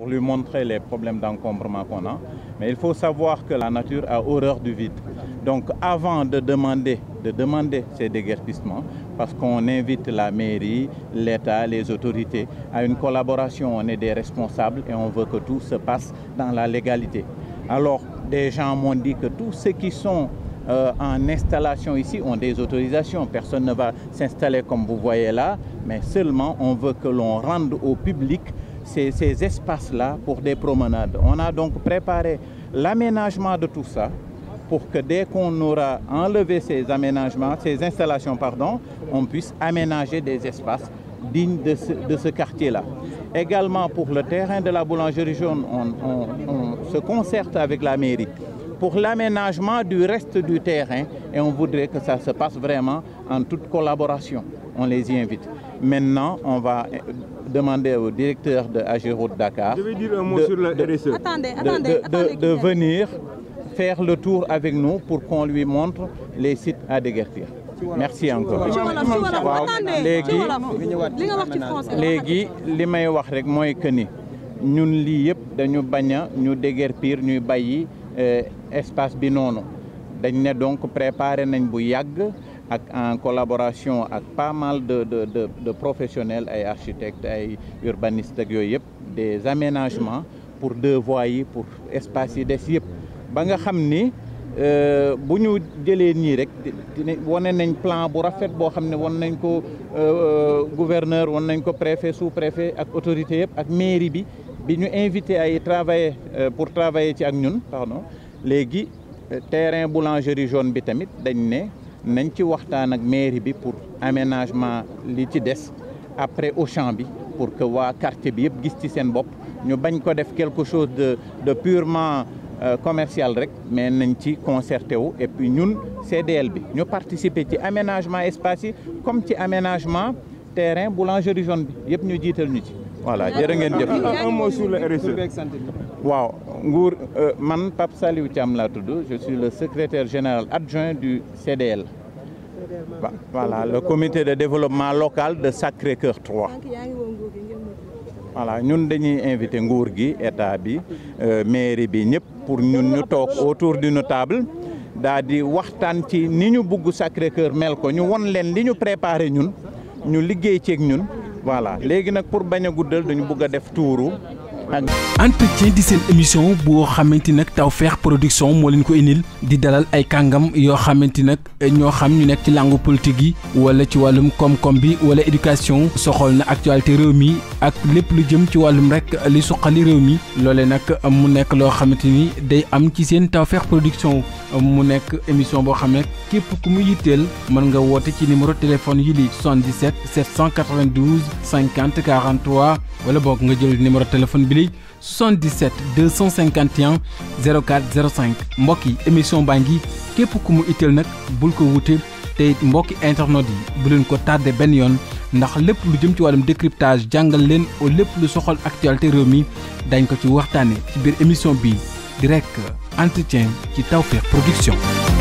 pour lui montrer les problèmes d'encombrement qu'on a. Mais il faut savoir que la nature a horreur du vide. Donc avant de demander, de demander ces déguerpissements, parce qu'on invite la mairie, l'État, les autorités à une collaboration, on est des responsables et on veut que tout se passe dans la légalité. Alors des gens m'ont dit que tous ceux qui sont euh, en installation ici ont des autorisations. Personne ne va s'installer comme vous voyez là, mais seulement on veut que l'on rende au public ces, ces espaces-là pour des promenades. On a donc préparé l'aménagement de tout ça pour que dès qu'on aura enlevé ces aménagements, ces installations, pardon, on puisse aménager des espaces dignes de ce, de ce quartier-là. Également pour le terrain de la boulangerie jaune, on, on, on se concerte avec la mairie pour l'aménagement du reste du terrain et on voudrait que ça se passe vraiment en toute collaboration. on les y Maintenant, on va euh, demander directeur de Agéroute Dakar e. de, De, attendez, attendez, de, de venir faire le tour avec nous pour qu'on lui montre les sites à déguerpir. merci encore waaw léegi li may wax rek mooy que ni ñun lii yëpp dañu bañ a ñu déguerpir ñuy bàyyi euh, espace bi noonu dañ ne donc préparer nañ bu yàgg ak en collaboration ak pas mal de de de de professionnels ay architectes ay urbanistes ak yooyu yëpp des aménagements pour deux voies yi pour espace yi des yëpp ba nga xam ni euh, bu ñu jëlee nii rek wane nañ plan bu rafet boo xam ne wan nañ ko euh, euh, gouverneur wan nañ ko préfet sous préfet ak autorité yëpp ak mairie bi bi ñu invité ay travailler pour travailler ci ak ñun léegi terrain boulangerie jaune bi tamit dañ ne nañ ci waxtaan ak mairie bi pour aménagement li ci des après Auchan bi pour que waa quartier bi yëpp gis ci seen bopp ñu bañ ko def quelque chose de de purement euh, commercial rek mais nañ ci concerté wu et puis ñun CDL bi ñu participer ci aménagement espace comme ci aménagement terrain boulangerie jaune bi yëpp ñu jiital ñu ci. voilà jërë ngeen jëf. un mot sur le e. waaw. nguur euh, man Pape Saliou Thiam laa tudd je le secrétaire général adjoint du CDL voilà le commité de développement local de Sacré-Cœur 3 voilà ñun dañuy invité nguur gi état bi euh, mairie bi ñëpp pour ñun ñu toog autour d'une table daa di waxtaan ci ni ñu bugg Sacré-Cœur mel ko ñu won leen li ñu préparé ñun ñu liggéey ceeg ñun voilà léegi nag pour bañ a guddal dañu bugg a def tuuru entretien di seen émission boo xamante nag Tawfekh Production moo leen ko indil di dalal ay kàngam yoo xamante nag ñoo xam ñu nekk ci làngu politique yi wala ci wàllum koom-koom bi wala éducation soxool na actualité réew mi ak lépp lu jëm ci wàllum rek li suqali réew mi loole nag mu nekk loo xamante ni day am ci seen Tawfekh Production mu nekk émission boo xam ne képp ku mu yitteel mën nga woote ci numéro téléphone yi di 77 792 50 43 wala boog nga jël numéro téléphone bi li 77 251 04 05 mbokk yi émission baa ngi képp ku mu itteel nag bul ko wute te mbokki internet yi bu leen ko tàddee benn yoon ndax lépp lu jëm ci wàllum décryptage jàngal leen au lépp lu soxal actualité réew mi dañ ko ci waxtaane ci biir émission bi direct entretien ci Tawfekh Production